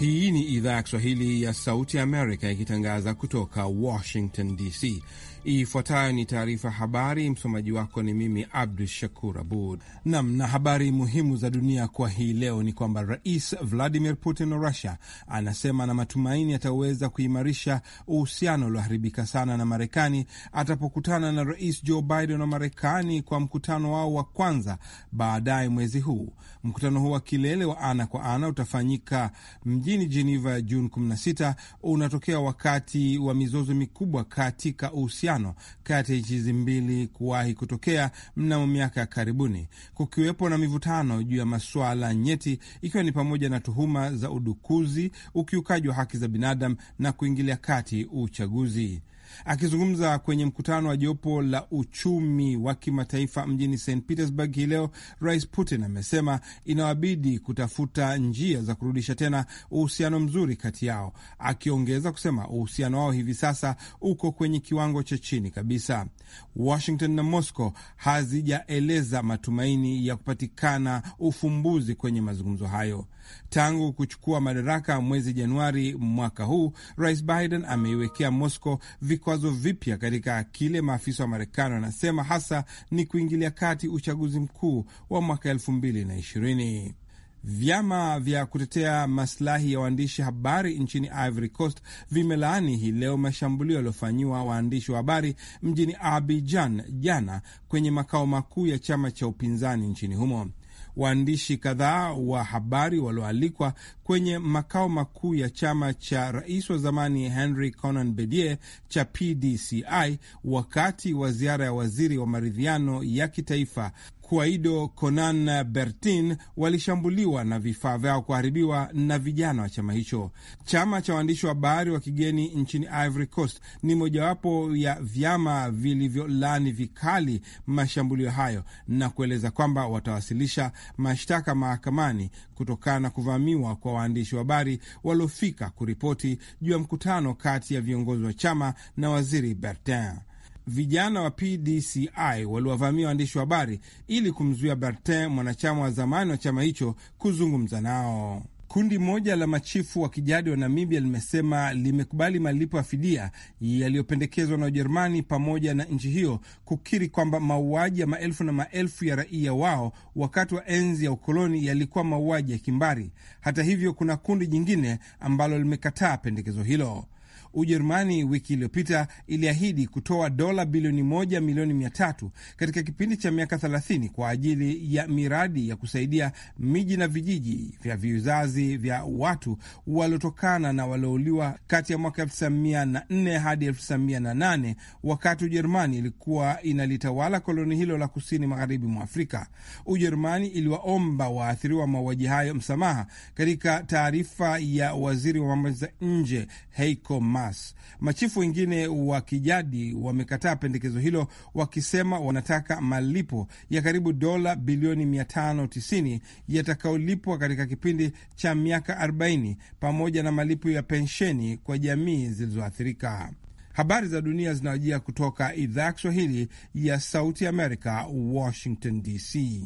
Hii ni idhaa ya Kiswahili ya Sauti ya Amerika ikitangaza kutoka Washington DC. Ifuatayo ni taarifa habari. Msomaji wako ni mimi Abdu Shakur Abud. Nam na habari muhimu za dunia kwa hii leo ni kwamba Rais Vladimir Putin wa Russia anasema na matumaini ataweza kuimarisha uhusiano ulioharibika sana na Marekani atapokutana na Rais Joe Biden wa Marekani kwa mkutano wao wa kwanza baadaye mwezi huu. Mkutano huu wa kilele wa ana kwa ana utafanyika mjini Geneva Juni 16 unatokea wakati wa mizozo mikubwa katika uhusiano uhusiano kati ya nchi hizi mbili kuwahi kutokea mnamo miaka ya karibuni, kukiwepo na mivutano juu ya masuala nyeti, ikiwa ni pamoja na tuhuma za udukuzi, ukiukaji wa haki za binadamu na kuingilia kati uchaguzi. Akizungumza kwenye mkutano wa jopo la uchumi wa kimataifa mjini St Petersburg hii leo, Rais Putin amesema inawabidi kutafuta njia za kurudisha tena uhusiano mzuri kati yao, akiongeza kusema uhusiano wao hivi sasa uko kwenye kiwango cha chini kabisa. Washington na Moscow hazijaeleza matumaini ya kupatikana ufumbuzi kwenye mazungumzo hayo. Tangu kuchukua madaraka mwezi Januari mwaka huu, Rais Biden ameiwekea Moscow vikwazo vipya katika kile maafisa wa Marekani wanasema hasa ni kuingilia kati uchaguzi mkuu wa mwaka elfu mbili na ishirini. Vyama vya kutetea maslahi ya waandishi habari nchini Ivory Coast vimelaani hii leo mashambulio yaliyofanyiwa waandishi wa habari mjini Abidjan jana kwenye makao makuu ya chama cha upinzani nchini humo waandishi kadhaa wa habari walioalikwa kwenye makao makuu ya chama cha rais wa zamani Henry Conan Bedier cha PDCI wakati wa ziara ya waziri wa maridhiano ya kitaifa kuaido Conan Bertin walishambuliwa na vifaa vyao kuharibiwa na vijana wa chama hicho. Chama cha waandishi wa habari wa kigeni nchini Ivory Coast ni mojawapo ya vyama vilivyolani vikali mashambulio hayo na kueleza kwamba watawasilisha mashtaka mahakamani kutokana na kuvamiwa kwa waandishi wa habari waliofika kuripoti juu ya mkutano kati ya viongozi wa chama na waziri Bertin vijana wa PDCI waliwavamia waandishi wa habari ili kumzuia Bertin, mwanachama wa zamani wa chama hicho, kuzungumza nao. Kundi moja la machifu wa kijadi wa Namibia limesema limekubali malipo ya fidia yaliyopendekezwa na Ujerumani pamoja na nchi hiyo kukiri kwamba mauaji ya maelfu na maelfu ya raia wao wakati wa enzi ya ukoloni yalikuwa mauaji ya kimbari. Hata hivyo, kuna kundi jingine ambalo limekataa pendekezo hilo. Ujerumani wiki iliyopita iliahidi kutoa dola bilioni moja milioni mia tatu katika kipindi cha miaka thelathini kwa ajili ya miradi ya kusaidia miji na vijiji vya vizazi vya watu waliotokana na waliouliwa kati ya mwaka 1904 hadi 1908 wakati Ujerumani ilikuwa inalitawala koloni hilo la kusini magharibi mwa Afrika. Ujerumani iliwaomba waathiriwa mauaji hayo msamaha katika taarifa ya waziri wa mambo za nje Heiko Maas Hamas. Machifu wengine wa kijadi wamekataa pendekezo hilo, wakisema wanataka malipo ya karibu dola bilioni 590 yatakayolipwa katika kipindi cha miaka 40 pamoja na malipo ya pensheni kwa jamii zilizoathirika. Habari za dunia zinawajia kutoka idhaa ya Kiswahili ya Sauti Amerika, Washington DC.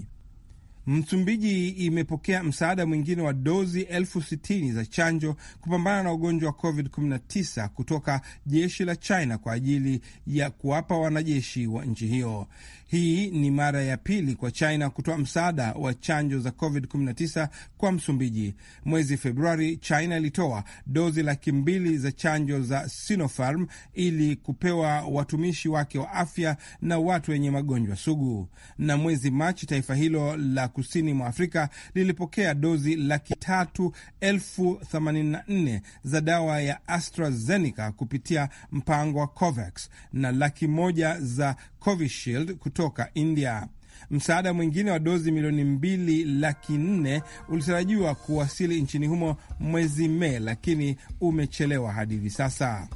Msumbiji imepokea msaada mwingine wa dozi elfu sitini za chanjo kupambana na ugonjwa wa COVID-19 kutoka jeshi la China kwa ajili ya kuwapa wanajeshi wa nchi hiyo. Hii ni mara ya pili kwa China kutoa msaada wa chanjo za COVID-19 kwa Msumbiji. Mwezi Februari, China ilitoa dozi laki mbili za chanjo za Sinopharm ili kupewa watumishi wake wa afya na watu wenye magonjwa sugu. Na mwezi Machi, taifa hilo la kusini mwa Afrika lilipokea dozi laki tatu elfu themanini na nne za dawa ya AstraZeneca kupitia mpango wa COVAX na laki moja za Covishield kutoka India. Msaada mwingine wa dozi milioni mbili laki nne ulitarajiwa kuwasili nchini humo mwezi Mei, lakini umechelewa hadi hivi sasa.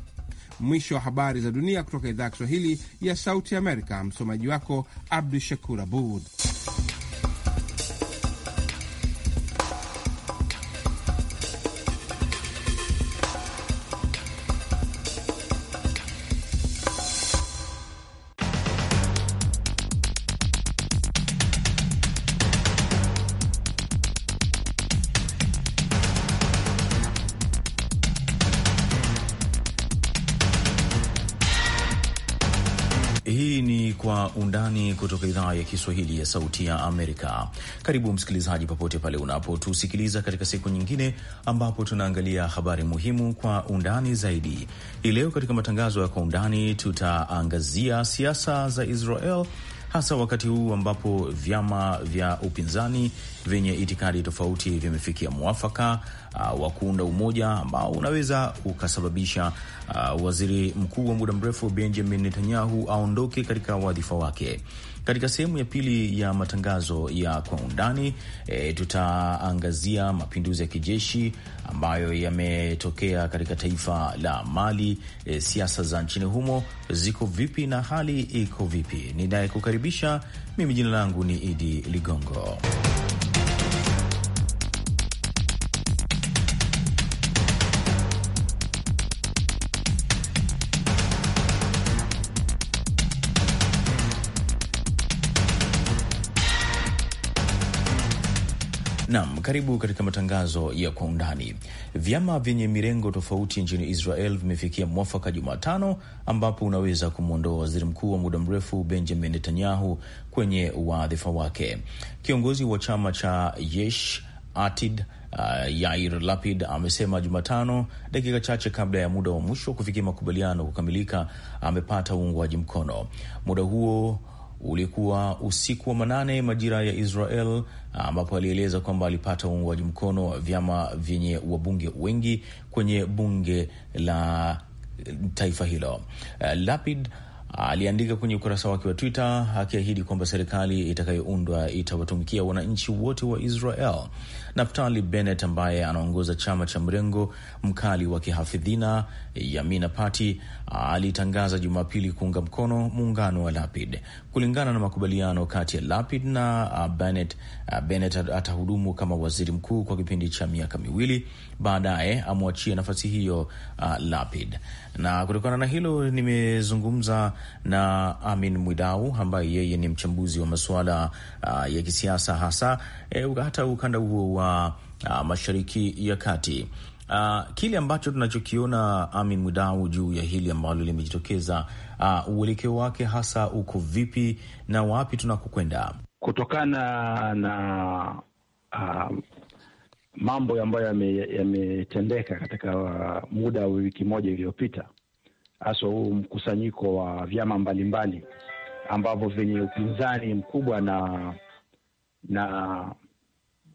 Mwisho wa habari za dunia kutoka idhaa ya Kiswahili ya Sauti Amerika. Msomaji wako Abdu Shakur Abud. idhaa ya Kiswahili ya Sauti ya Amerika. Karibu msikilizaji, popote pale unapotusikiliza katika siku nyingine ambapo tunaangalia habari muhimu kwa undani zaidi. Hii leo katika matangazo ya Kwa Undani tutaangazia siasa za Israel hasa wakati huu ambapo vyama vya upinzani vyenye itikadi tofauti vimefikia mwafaka uh, wa kuunda umoja ambao unaweza ukasababisha uh, waziri mkuu wa muda mrefu Benjamin Netanyahu aondoke katika wadhifa wake. Katika sehemu ya pili ya matangazo ya kwa undani e, tutaangazia mapinduzi ya kijeshi ambayo yametokea katika taifa la Mali. E, siasa za nchini humo ziko vipi na hali iko vipi? Ninayekukaribisha mimi jina langu ni Idi Ligongo. Nam, karibu katika matangazo ya kwa undani. Vyama vyenye mirengo tofauti nchini Israel vimefikia mwafaka Jumatano, ambapo unaweza kumwondoa waziri mkuu wa muda mrefu Benjamin Netanyahu kwenye wadhifa wake. Kiongozi wa chama cha Yesh Atid Uh, Yair Lapid amesema Jumatano, dakika chache kabla ya muda wa mwisho kufikia makubaliano kukamilika, amepata uungwaji mkono. Muda huo ulikuwa usiku wa manane majira ya Israel, ambapo alieleza kwamba alipata uungwaji mkono wa vyama vyenye wabunge wengi kwenye bunge la taifa hilo. Eh, Lapid ah, aliandika kwenye ukurasa wake wa Twitter akiahidi kwamba serikali itakayoundwa itawatumikia wananchi wote wa Israel. Naftali Bennett ambaye anaongoza chama cha mrengo mkali wa kihafidhina Yamina Pati ah, alitangaza Jumapili kuunga mkono muungano wa Lapid. Kulingana na makubaliano kati ya Lapid na ah, Bennett, ah, Bennett atahudumu kama waziri mkuu kwa kipindi cha miaka miwili, baadaye amwachie nafasi hiyo Lapid. Na kutokana na hilo, nimezungumza na Amin Mwidau ambaye yeye ni mchambuzi wa masuala ya kisiasa hasa eh, hata ukanda huo wa Mashariki ya Kati. Uh, kile ambacho tunachokiona Amin Mwidau juu ya hili ambalo limejitokeza, uh, uelekeo wake hasa uko vipi na wapi tunakokwenda kutokana na uh, mambo ambayo yametendeka yame katika uh, muda wa wiki moja iliyopita, haswa huu mkusanyiko wa vyama mbalimbali ambavyo vyenye upinzani mkubwa na na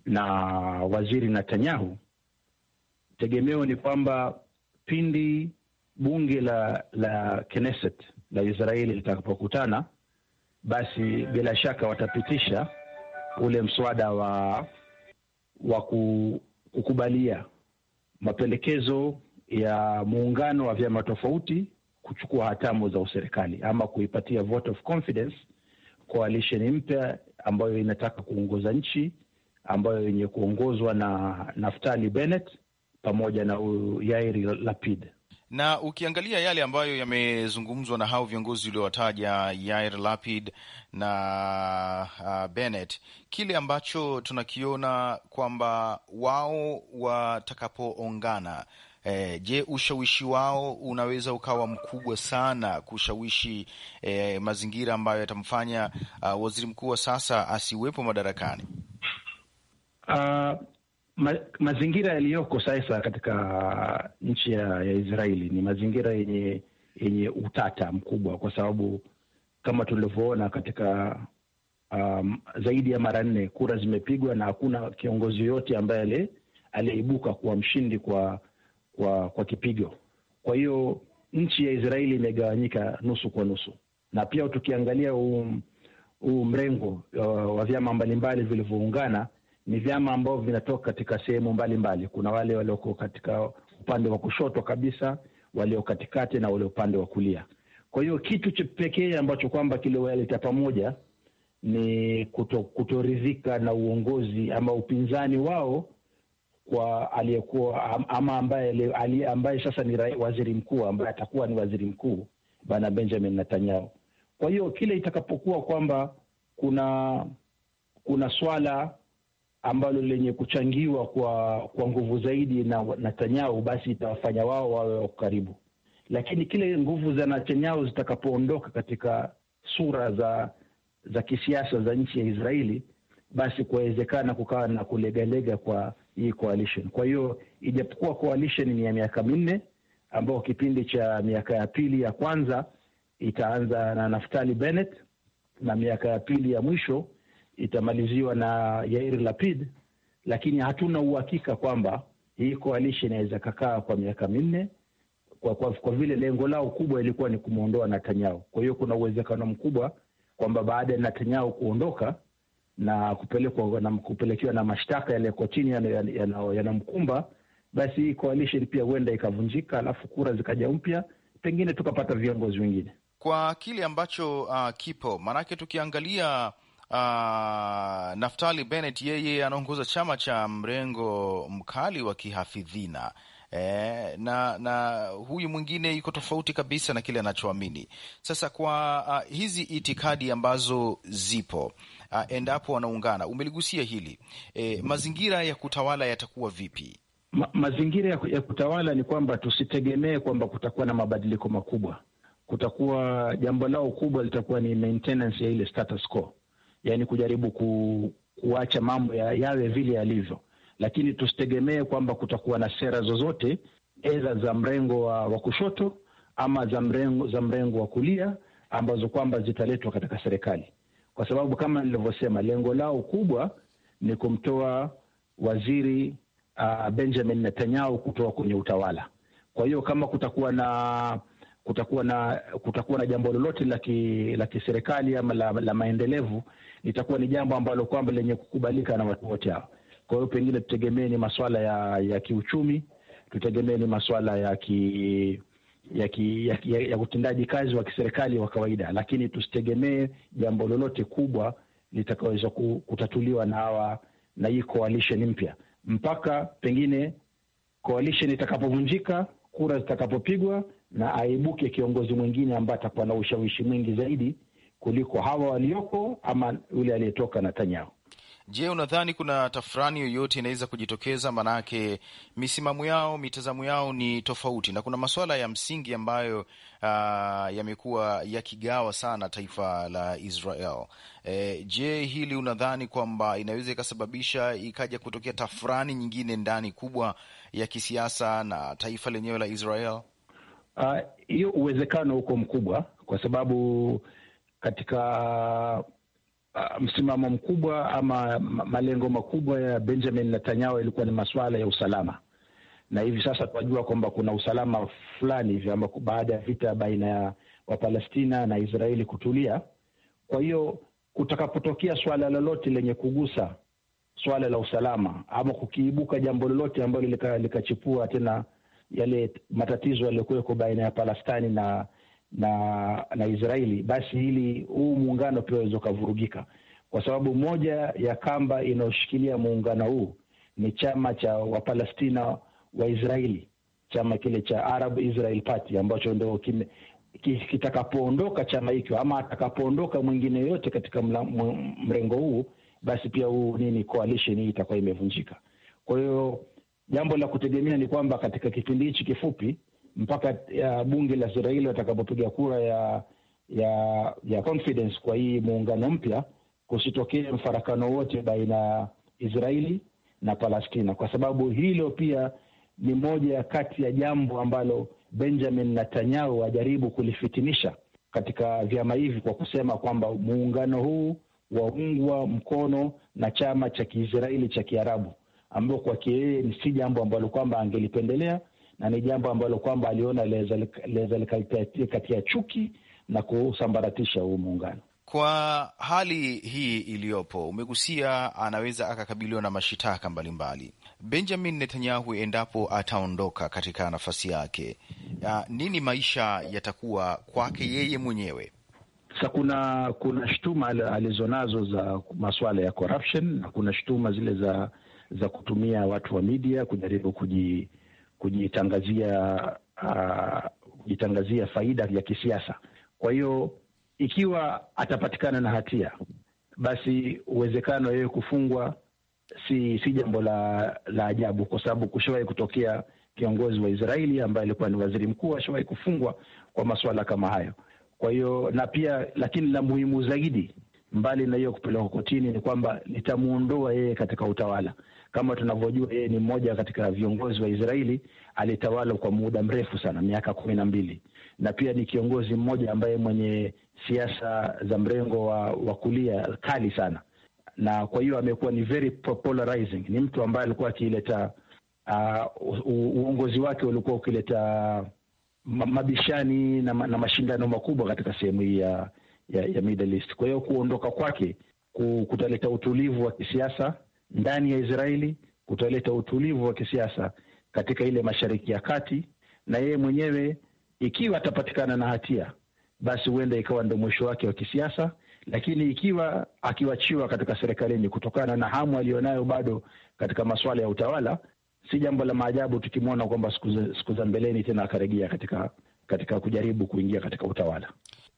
na waziri Netanyahu tegemeo ni kwamba pindi bunge la la Knesset la Israeli litakapokutana, basi bila shaka watapitisha ule mswada wa wa kukubalia mapendekezo ya muungano wa vyama tofauti kuchukua hatamu za userikali ama kuipatia vote of confidence coalition mpya ambayo inataka kuongoza nchi ambayo yenye kuongozwa na Naftali Bennett pamoja na huyu Yairi Lapid na ukiangalia yale ambayo yamezungumzwa na hao viongozi uliowataja Yair Lapid na uh, Bennett, kile ambacho tunakiona kwamba wao watakapoongana, eh, je, ushawishi wao unaweza ukawa mkubwa sana kushawishi eh, mazingira ambayo yatamfanya uh, waziri mkuu wa sasa asiwepo madarakani? Uh, ma, mazingira yaliyoko sasa katika nchi ya, ya Israeli ni mazingira yenye yenye utata mkubwa, kwa sababu kama tulivyoona katika um, zaidi ya mara nne kura zimepigwa na hakuna kiongozi yoyote ambaye aliyeibuka kuwa mshindi kwa kwa, kwa kipigo. Kwa hiyo nchi ya Israeli imegawanyika nusu kwa nusu, na pia tukiangalia huu mrengo uh, wa vyama mbalimbali vilivyoungana ni vyama ambavyo vinatoka katika sehemu mbalimbali. Kuna wale walioko katika upande wa kushoto kabisa, walio katikati na wale upande wa kulia. Kwa hiyo kitu cha pekee ambacho kwamba kiliwaleta pamoja ni kuto, kutoridhika na uongozi ama upinzani wao kwa aliyekuwa ama ambaye, ambaye sasa ni waziri mkuu ambaye atakuwa ni waziri mkuu Bwana Benjamin Netanyahu. Kwa hiyo kile itakapokuwa kwamba kuna kuna swala ambalo lenye kuchangiwa kwa kwa nguvu zaidi na Netanyahu, basi itawafanya wao wawe wako karibu. Lakini kile nguvu za Netanyahu zitakapoondoka katika sura za za kisiasa za nchi ya Israeli, basi kuwezekana kukawa na kulegalega kwa hii coalition. Kwa hiyo ijapokuwa coalition ni ya miaka minne, ambao kipindi cha miaka ya pili ya kwanza itaanza na Naftali Bennett na miaka ya pili ya mwisho itamaliziwa na Yair Lapid, lakini hatuna uhakika kwamba hii coalition inaweza kakaa kwa miaka minne kwa, kwa, kwa vile lengo lao kubwa ilikuwa ni kumwondoa Netanyahu. Kwa hiyo kuna uwezekano mkubwa kwamba baada ya Netanyahu kuondoka na kupelekwa na kupelekewa na mashtaka yale kwa chini yanamkumba yana, yana basi hii pia huenda ikavunjika, alafu kura zikaja mpya, pengine tukapata viongozi wengine kwa kile ambacho uh, kipo maanake tukiangalia Uh, Naftali Bennett yeye anaongoza chama cha mrengo mkali wa kihafidhina eh, na, na huyu mwingine yuko tofauti kabisa na kile anachoamini. Sasa kwa uh, hizi itikadi ambazo zipo uh, endapo wanaungana, umeligusia hili eh, mazingira ya kutawala yatakuwa vipi? Ma, mazingira ya, ya kutawala ni kwamba tusitegemee kwamba kutakuwa na mabadiliko makubwa. Kutakuwa jambo lao kubwa litakuwa ni maintenance ya ile status quo yani kujaribu ku, kuacha mambo ya, yawe vile yalivyo, lakini tusitegemee kwamba kutakuwa na sera zozote edha za mrengo wa, wa kushoto ama za mrengo, za mrengo wa kulia ambazo kwamba zitaletwa katika serikali, kwa sababu kama nilivyosema, lengo lao kubwa ni kumtoa waziri uh, Benjamin Netanyahu kutoka kwenye utawala. Kwa hiyo kama kutakuwa na kutakuwa na kutakuwa na jambo lolote la kiserikali ama la, la maendelevu itakuwa ni jambo ambalo kwamba lenye kukubalika na watu wote hawa Kwa hiyo pengine tutegemee ni maswala ya, ya kiuchumi, tutegemee ni maswala ya ki ya, ki, ya, ya, ya utendaji kazi wa kiserikali wa kawaida, lakini tusitegemee jambo lolote kubwa litakaweza kutatuliwa na hawa na hii coalition mpya, mpaka pengine coalition itakapovunjika, kura zitakapopigwa, na aibuke kiongozi mwingine ambaye atakuwa na ushawishi mwingi zaidi kuliko hawa walioko ama yule aliyetoka Netanyahu. Je, unadhani kuna tafurani yoyote inaweza kujitokeza? Maanake misimamo yao, mitazamo yao ni tofauti, na kuna masuala ya msingi ambayo uh, yamekuwa yakigawa sana taifa la Israel. E, je, hili unadhani kwamba inaweza ikasababisha ikaja kutokea tafurani nyingine ndani kubwa ya kisiasa na taifa lenyewe la Israel? Ah, hiyo uh, uwezekano uko mkubwa kwa sababu katika uh, msimamo mkubwa ama malengo makubwa ya Benjamin Netanyahu yalikuwa ni masuala ya usalama, na hivi sasa tunajua kwamba kuna usalama fulani hivi ambao baada ya vita baina ya Wapalestina na Israeli kutulia. Kwa hiyo kutakapotokea swala lolote lenye kugusa swala la usalama ama kukiibuka jambo lolote ambalo likachipua lika tena yale matatizo yaliyokuweko baina ya Palestini na na na Israeli, basi hili huu muungano pia unaweza ukavurugika, kwa sababu moja ya kamba inayoshikilia muungano huu ni chama cha Wapalestina wa Israeli, chama kile cha Arab Israel Party ambacho ndo kitakapoondoka chama hicho ama atakapoondoka mwingine yote katika mrengo huu, basi pia huu nini coalition hii itakuwa imevunjika. Kwa hiyo jambo la kutegemea ni kwamba katika kipindi hichi kifupi mpaka uh, bunge la Israeli watakapopiga kura ya ya ya confidence kwa hii muungano mpya, kusitokee mfarakano wote baina ya Israeli na Palestina, kwa sababu hilo pia ni moja ya kati ya jambo ambalo Benjamin Netanyahu wajaribu kulifitinisha katika vyama hivi kwa kusema kwamba muungano huu waungwa mkono na chama cha Kiisraeli cha Kiarabu, ambayo kwake yeye ni si jambo ambalo kwamba angelipendelea na ni jambo ambalo kwamba aliona liweza likatia chuki na kusambaratisha huu muungano. Kwa hali hii iliyopo, umegusia anaweza akakabiliwa na mashitaka mbalimbali. Benjamin Netanyahu endapo ataondoka katika nafasi yake, ya nini maisha yatakuwa kwake yeye mwenyewe? Sa kuna kuna shutuma alizonazo za masuala ya corruption na kuna shutuma zile za za kutumia watu wa media kujaribu kuji kujitangazia uh, kujitangazia faida ya kisiasa. Kwa hiyo ikiwa atapatikana na hatia, basi uwezekano yeye kufungwa si si jambo la la ajabu, kwa sababu kushawahi kutokea kiongozi wa Israeli ambaye alikuwa ni waziri mkuu ashawahi kufungwa kwa masuala kama hayo. Kwa hiyo na pia lakini la muhimu zaidi, mbali na hiyo kupelekwa kotini, ni kwamba litamwondoa yeye katika utawala, kama tunavyojua, yeye ni mmoja katika viongozi wa Israeli alitawala kwa muda mrefu sana, miaka kumi na mbili, na pia ni kiongozi mmoja ambaye mwenye siasa za mrengo wa, wa kulia kali sana, na kwa hiyo amekuwa ni very polarizing. Ni mtu ambaye alikuwa akileta uh, uongozi wake ulikuwa ukileta mabishani na, na mashindano makubwa katika sehemu hii ya, ya, ya Middle East. Kwa hiyo kuondoka kwake kutaleta utulivu wa kisiasa ndani ya Israeli kutaleta utulivu wa kisiasa katika ile Mashariki ya Kati, na yeye mwenyewe ikiwa atapatikana na hatia, basi huenda ikawa ndio mwisho wake wa kisiasa. Lakini ikiwa akiwachiwa katika serikalini kutokana na hamu aliyonayo bado katika masuala ya utawala, si jambo la maajabu tukimwona kwamba siku za mbeleni tena akarejea katika katika kujaribu kuingia katika utawala.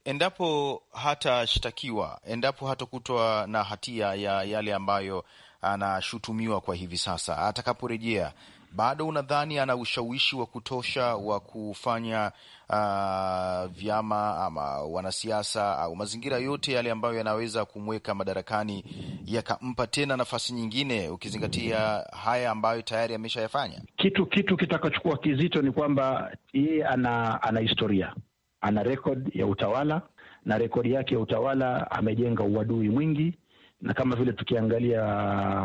Endapo hatashtakiwa, endapo hatokutwa na hatia ya yale ambayo anashutumiwa kwa hivi sasa, atakaporejea bado unadhani ana ushawishi wa kutosha wa kufanya uh, vyama ama wanasiasa au mazingira yote yale ambayo yanaweza kumweka madarakani yakampa tena nafasi nyingine, ukizingatia haya ambayo tayari ameshayafanya? Kitu kitu kitakachukua kizito ni kwamba yeye ana, ana historia, ana rekodi ya utawala, na rekodi yake ya utawala amejenga uadui mwingi na kama vile tukiangalia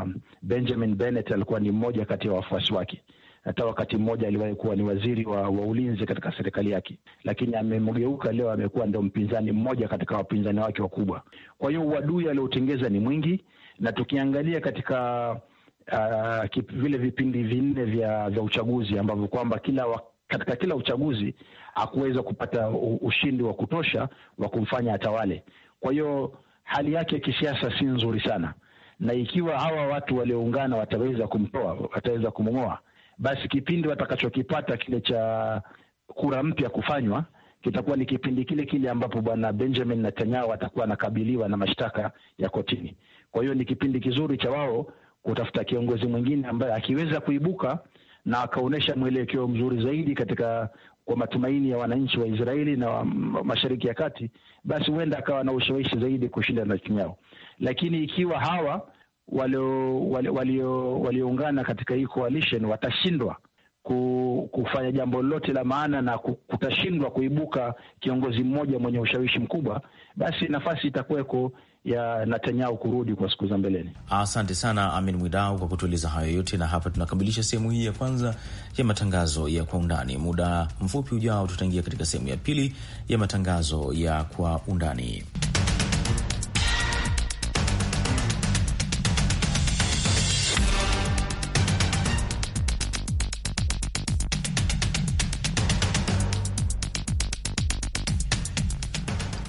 um, Benjamin Bennett alikuwa ni mmoja kati ya wafuasi wake. Hata wakati mmoja aliwahi kuwa ni waziri wa, wa ulinzi katika serikali yake, lakini amemgeuka leo, amekuwa ndio mpinzani mmoja katika wapinzani wake wakubwa. Kwa hiyo uadui aliotengeza ni mwingi, na tukiangalia katika uh, kip, vile vipindi vinne vya, vya uchaguzi ambavyo kwamba kila wa, katika kila uchaguzi hakuweza kupata ushindi wa kutosha wa kumfanya atawale. Kwa hiyo hali yake ya kisiasa si nzuri sana, na ikiwa hawa watu walioungana wataweza kumtoa, wataweza kumng'oa, basi kipindi watakachokipata kile cha kura mpya kufanywa kitakuwa ni kipindi kile kile ambapo bwana Benjamin Netanyahu atakuwa anakabiliwa na mashtaka ya kotini. Kwa hiyo ni kipindi kizuri cha wao kutafuta kiongozi mwingine ambaye akiweza kuibuka na akaonyesha mwelekeo mzuri zaidi katika wa matumaini ya wananchi wa Israeli na wa Mashariki ya Kati, basi huenda akawa na ushawishi zaidi kushinda Netanyahu. Lakini ikiwa hawa walioungana walio, walio katika hii coalition watashindwa kufanya jambo lolote la maana na kutashindwa kuibuka kiongozi mmoja mwenye ushawishi mkubwa, basi nafasi itakuweko ya Netanyahu kurudi kwa siku za mbeleni. Asante sana Amin Mwidau kwa kutueleza hayo yote, na hapa tunakamilisha sehemu hii ya kwanza ya matangazo ya kwa undani. Muda mfupi ujao, tutaingia katika sehemu ya pili ya matangazo ya kwa undani.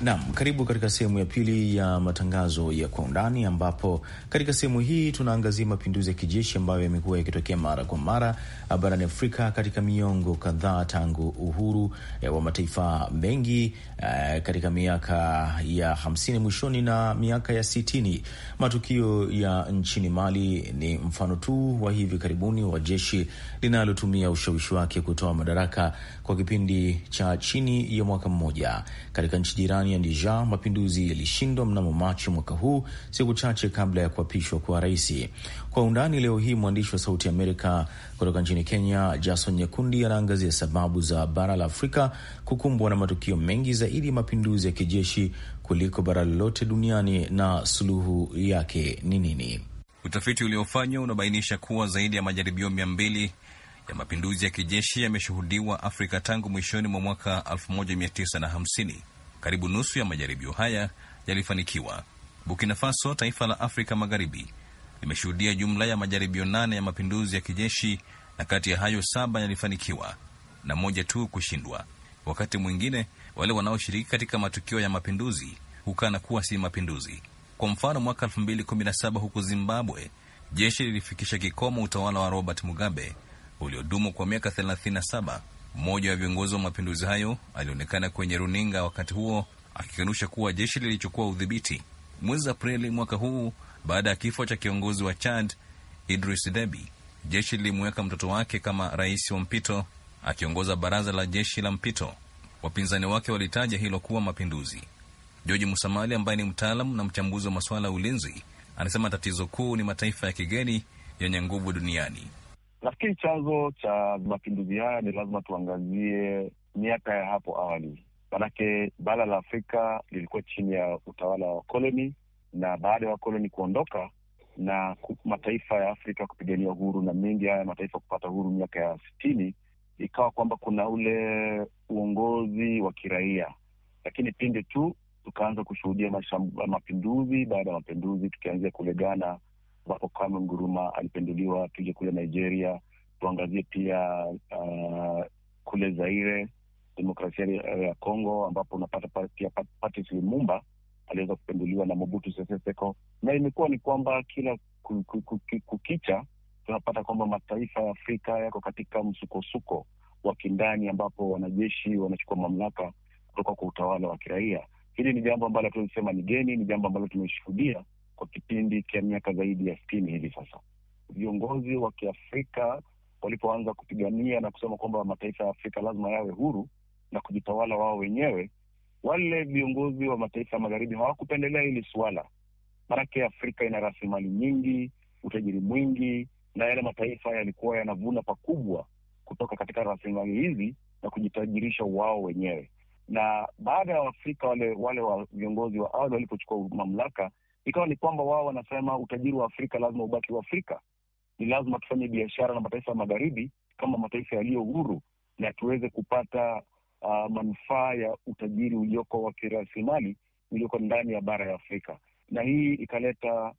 Naam, karibu katika sehemu ya pili ya matangazo ya kwa undani, ambapo katika sehemu hii tunaangazia mapinduzi ya kijeshi ambayo yamekuwa yakitokea mara kwa mara barani Afrika katika miongo kadhaa tangu uhuru eh, wa mataifa mengi eh, katika miaka ya hamsini mwishoni na miaka ya sitini. Matukio ya nchini Mali ni mfano tu wa hivi karibuni wa jeshi linalotumia ushawishi wake kutoa madaraka kwa kipindi cha chini ya mwaka mmoja katika nchi jirani Niger mapinduzi yalishindwa mnamo Machi mwaka huu, siku chache kabla ya kuapishwa kwa rais. Kwa undani leo hii, mwandishi wa Sauti Amerika kutoka nchini Kenya, Jason Nyekundi, anaangazia sababu za bara la Afrika kukumbwa na matukio mengi zaidi ya mapinduzi ya kijeshi kuliko bara lolote duniani na suluhu yake ni nini? Utafiti uliofanywa unabainisha kuwa zaidi ya majaribio mia mbili ya mapinduzi ya kijeshi yameshuhudiwa Afrika tangu mwishoni mwa mwaka 1950. Karibu nusu ya majaribio haya yalifanikiwa. Burkina Faso, taifa la Afrika Magharibi, limeshuhudia jumla ya majaribio nane ya mapinduzi ya kijeshi, na kati ya hayo saba yalifanikiwa na moja tu kushindwa. Wakati mwingine wale wanaoshiriki katika matukio ya mapinduzi hukana kuwa si mapinduzi. Kwa mfano, mwaka 2017 huko Zimbabwe, jeshi lilifikisha kikomo utawala wa Robert Mugabe uliodumu kwa miaka 37 mmoja wa viongozi wa mapinduzi hayo alionekana kwenye runinga wakati huo akikanusha kuwa jeshi lilichukua udhibiti. Mwezi Aprili mwaka huu, baada ya kifo cha kiongozi wa Chad Idris Deby, jeshi lilimweka mtoto wake kama rais wa mpito akiongoza baraza la jeshi la mpito. Wapinzani wake walitaja hilo kuwa mapinduzi. George Musamali ambaye ni mtaalam na mchambuzi wa masuala ya ulinzi anasema tatizo kuu ni mataifa ya kigeni yenye nguvu duniani Nafikiri chanzo cha mapinduzi haya ni lazima tuangazie miaka ya hapo awali, manake bara la Afrika lilikuwa chini ya utawala wa koloni, na baada ya wakoloni kuondoka na mataifa ya Afrika kupigania uhuru na mengi haya mataifa kupata uhuru miaka ya sitini, ikawa kwamba kuna ule uongozi wa kiraia, lakini pinde tu tukaanza kushuhudia mapinduzi baada ya mapinduzi, tukianzia kule Ghana ambapo Kwame Nguruma alipinduliwa. Tuje kule Nigeria, tuangazie pia uh, kule Zaire, demokrasia ya Kongo, ambapo unapata pia Patrice Lumumba aliweza kupinduliwa na Mobutu Sese Seko, na imekuwa ni kwamba kila kukicha tunapata kwamba mataifa ya Afrika yako katika msukosuko wa kindani, ambapo wanajeshi wanachukua mamlaka kutoka kwa utawala wa kiraia. Hili ni jambo ambalo tunasema ni geni, ni jambo ambalo tumeshuhudia kwa kipindi cha miaka zaidi ya sitini hivi sasa. Viongozi wa Kiafrika walipoanza kupigania na kusema kwamba mataifa ya Afrika lazima yawe huru na kujitawala wao wenyewe, wale viongozi wa mataifa ya magharibi hawakupendelea hili suala, maanake Afrika ina rasilimali nyingi, utajiri mwingi, na yale mataifa yalikuwa yanavuna pakubwa kutoka katika rasilimali hizi na kujitajirisha wao wenyewe. Na baada ya Waafrika wale wale wa viongozi wa awali walipochukua mamlaka ikawa ni kwamba wao wanasema utajiri wa Afrika lazima ubaki wa Afrika, ni lazima tufanye biashara na mataifa ya magharibi kama mataifa yaliyo huru na tuweze kupata uh, manufaa ya utajiri ulioko wa kirasilimali ulioko ndani ya bara ya Afrika, na hii ikaleta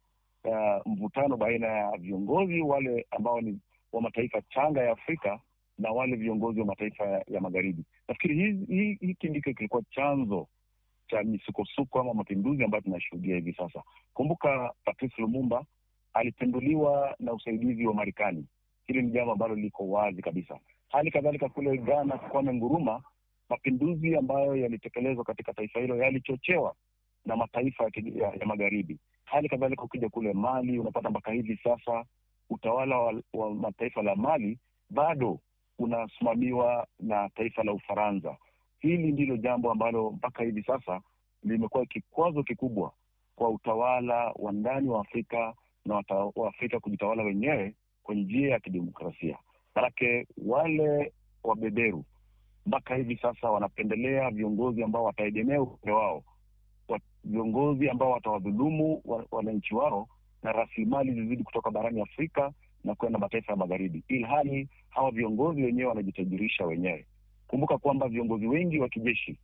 uh, mvutano baina ya viongozi wale ambao ni wa mataifa changa ya Afrika na wale viongozi wa mataifa ya, ya magharibi. Nafikiri hiki ndicho kilikuwa chanzo cha misukosuko ama mapinduzi ambayo tunashuhudia hivi sasa. Kumbuka Patrice Lumumba alipinduliwa na usaidizi wa Marekani. Hili ni jambo ambalo liko wazi kabisa. Hali kadhalika kule Ghana, Kwame nguruma mapinduzi ambayo yalitekelezwa katika taifa hilo yalichochewa na mataifa ya, ya magharibi. Hali kadhalika ukija kule Mali, unapata mpaka hivi sasa utawala wa, wa mataifa la Mali bado unasimamiwa na taifa la Ufaransa. Hili ndilo jambo ambalo mpaka hivi sasa limekuwa kikwazo kikubwa kwa utawala wa ndani wa Afrika na wa afrika kujitawala wenyewe kwa njia ya kidemokrasia. Manake wale wabeberu mpaka hivi sasa wanapendelea viongozi ambao wataegemea upande wao, viongozi ambao watawadhulumu wananchi wao na rasilimali zizidi kutoka barani Afrika na kwenda mataifa ya magharibi, ilhali hawa viongozi wenyewe wanajitajirisha wenyewe. Kumbuka kwamba viongozi wengi wa kijeshi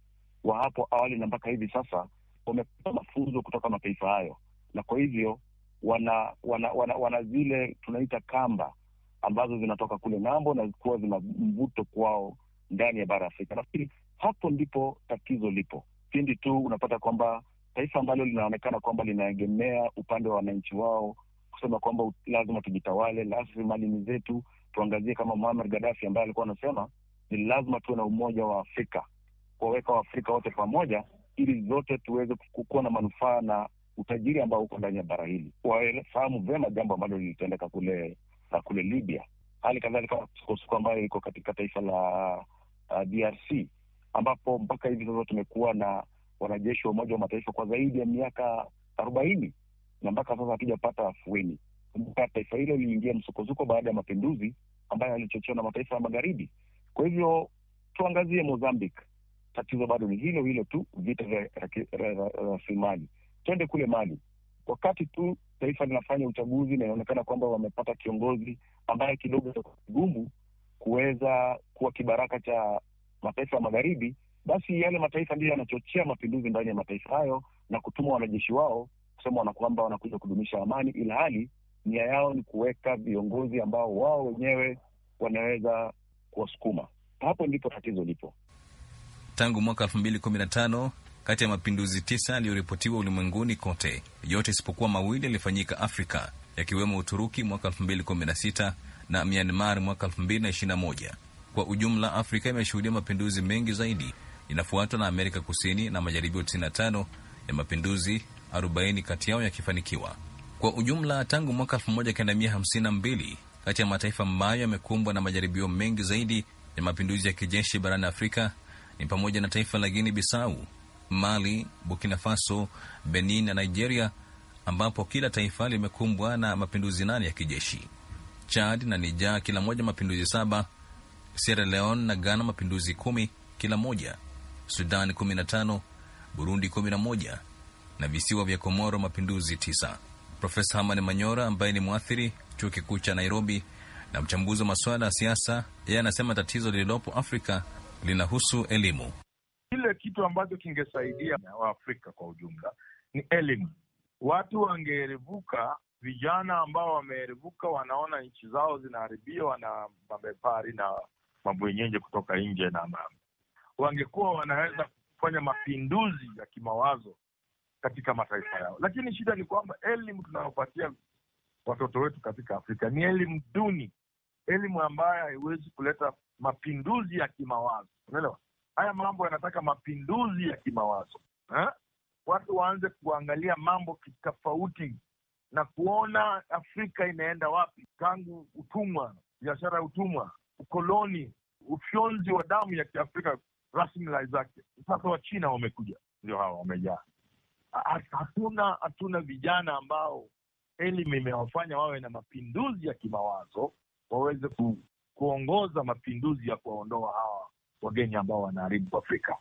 wa hapo awali na mpaka hivi sasa wamepata mafunzo kutoka mataifa hayo, na kwa hivyo wana wana, wana, wana zile tunaita kamba ambazo zinatoka kule ng'ambo na kuwa zina mvuto kwao ndani ya bara Afrika. Nafikiri hapo ndipo tatizo lipo, pindi tu unapata kwamba taifa ambalo linaonekana kwamba linaegemea upande wa wananchi wao kusema kwamba lazima tujitawale, rasilimali ni zetu, tuangazie kama Muammar Gaddafi ambaye alikuwa anasema ni lazima tuwe na umoja wa Afrika, kuwaweka Waafrika wote pamoja, ili zote tuweze kuwa na manufaa na utajiri ambao uko ndani ya bara hili. Wafahamu vyema jambo ambalo lilitendeka kule na kule Libya, hali kadhalika sukosuko ambayo iko katika taifa la uh, DRC ambapo mpaka hivi sasa tumekuwa na wanajeshi wa Umoja wa Mataifa kwa zaidi ya miaka arobaini na mpaka sasa hatujapata afueni. Kumbuka taifa hilo liliingia msukosuko baada ya mapinduzi ambayo yalichochewa na mataifa ya magharibi, kwa hivyo tuangazie Mozambique, tatizo bado ni hilo hilo tu, vita vya rasilimali. Twende kule Mali, wakati tu taifa linafanya uchaguzi na inaonekana kwamba wamepata kiongozi ambaye kidogo gumu kuweza kuwa kibaraka cha mataifa ya magharibi, basi yale mataifa ndiyo yanachochea mapinduzi ndani ya mataifa hayo na kutuma wanajeshi wao kusema wanakwamba kwamba wanakuja kudumisha amani, ila hali nia yao ni kuweka viongozi ambao wao wenyewe wanaweza kuwasukuma. Hapo ndipo tatizo lipo. Tangu mwaka elfu mbili kumi na tano kati ya mapinduzi tisa yaliyoripotiwa ulimwenguni kote, yote isipokuwa mawili yalifanyika Afrika, yakiwemo Uturuki mwaka elfu mbili kumi na sita na Myanmar mwaka elfu mbili na ishirini na moja. Kwa ujumla, Afrika imeshuhudia mapinduzi mengi zaidi, inafuatwa na Amerika Kusini na majaribio 95 ya mapinduzi, 40 kati yao yakifanikiwa. Kwa ujumla, tangu mwaka 1952 kati ya mataifa ambayo yamekumbwa na majaribio mengi zaidi ya mapinduzi ya kijeshi barani Afrika ni pamoja na taifa la Guinea Bissau, Mali, Burkina Faso, Benin na Nigeria, ambapo kila taifa limekumbwa na mapinduzi nane ya kijeshi. Chad na Nija kila moja mapinduzi saba, Sierra Leone na Ghana mapinduzi kumi kila moja, Sudan kumi na tano, Burundi kumi na moja na visiwa vya Komoro mapinduzi tisa. Profesa Hamani Manyora ambaye ni mwathiri chuo kikuu cha Nairobi, na mchambuzi wa masuala ya siasa. Yeye anasema tatizo lililopo Afrika linahusu elimu. Kile kitu ambacho kingesaidia Waafrika kwa ujumla ni elimu. Watu wangeerevuka, vijana ambao wameerevuka, wanaona nchi zao zinaharibiwa na mabepari na mabwenyenje kutoka nje, na wangekuwa wanaweza kufanya mapinduzi ya kimawazo katika mataifa yao, lakini shida ni kwamba elimu tunayopatia watoto wetu katika Afrika. Ni elimu duni, elimu ambayo haiwezi kuleta mapinduzi ya kimawazo. Unaelewa, haya mambo yanataka mapinduzi ya kimawazo ha? Watu waanze kuangalia mambo kitofauti na kuona Afrika inaenda wapi tangu utumwa, biashara ya utumwa, ukoloni, ufyonzi wa damu ya Kiafrika rasmi la zake. Sasa Wachina wamekuja, ndio hawa wamejaa. Hatuna hatuna vijana ambao elimu imewafanya wawe na mapinduzi ya kimawazo, waweze ku, kuongoza mapinduzi ya kuwaondoa hawa wageni ambao wanaharibu Afrika.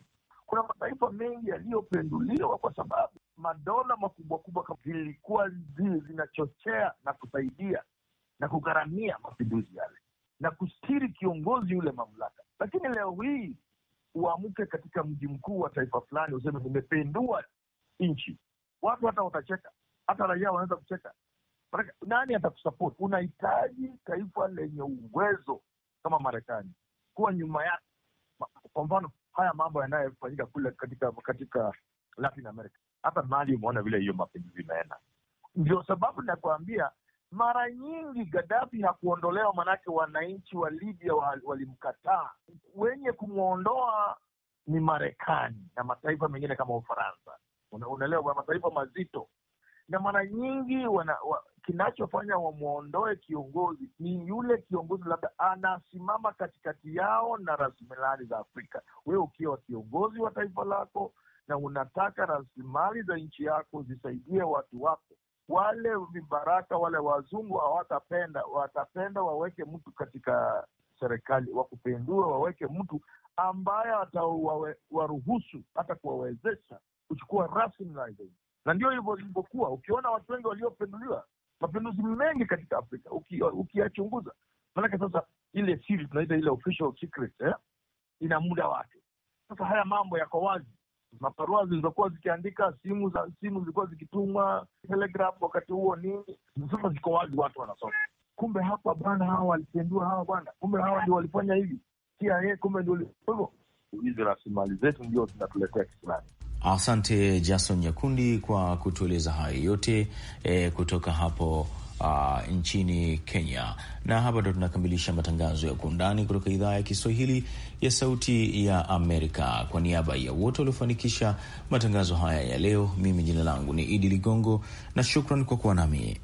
Kuna mataifa mengi yaliyopenduliwa kwa sababu madola makubwa kubwa zilikuwa zinachochea na kusaidia na kugharamia mapinduzi yale na kustiri kiongozi yule mamlaka. Lakini leo hii uamke katika mji mkuu wa taifa fulani useme nimependua nchi, watu hata watacheka, hata raia wanaweza kucheka, Manake nani atakusapoti? Unahitaji taifa lenye uwezo kama Marekani kuwa nyuma yake. Kwa mfano haya mambo yanayofanyika kule katika katika Latin America, hata Mali umeona vile hiyo mapinduzi imeenda. Ndio sababu nakuambia mara nyingi Gaddafi hakuondolewa, manake wananchi wa Libya walimkataa. Wenye kumwondoa ni Marekani na mataifa mengine kama Ufaransa. Unaelewa, mataifa mazito na mara nyingi wana, wa, kinachofanya wamwondoe kiongozi ni yule kiongozi labda anasimama katikati yao na rasilimali za Afrika. Wewe ukiwa kiongozi wa taifa lako na unataka rasilimali za nchi yako zisaidie watu wako, wale vibaraka wale wazungu hawatapenda, watapenda waweke mtu katika serikali wakupendua, waweke mtu ambaye atawaruhusu hata kuwawezesha kuchukua rasilimali za nchi na ndio hivyo ilivyokuwa. Ukiona watu wengi waliopinduliwa mapinduzi mengi katika Afrika ukiyachunguza, uki maanake sasa ile siri tunaita ile official secret eh, ina muda wake. Sasa haya mambo yako wazi, maparua zilizokuwa zikiandika simu za simu zilikuwa zikitumwa telegraph wakati huo nini, sasa ziko wazi, watu wanasoma. Kumbe hapa bwana, hawa walipindua hawa bwana, kumbe hawa ndio walifanya hivi, CIA kumbe ndio hivyo. Hizi rasilimali zetu ndio zinatuletea kisilani. Asante Jason Nyakundi kwa kutueleza hayo yote e, kutoka hapo Uh, nchini Kenya. Na hapa ndo tunakamilisha matangazo ya Kwa Undani kutoka idhaa ya Kiswahili ya Sauti ya Amerika. Kwa niaba ya wote waliofanikisha matangazo haya ya leo, mimi jina langu ni Idi Ligongo na shukran kwa kuwa nami.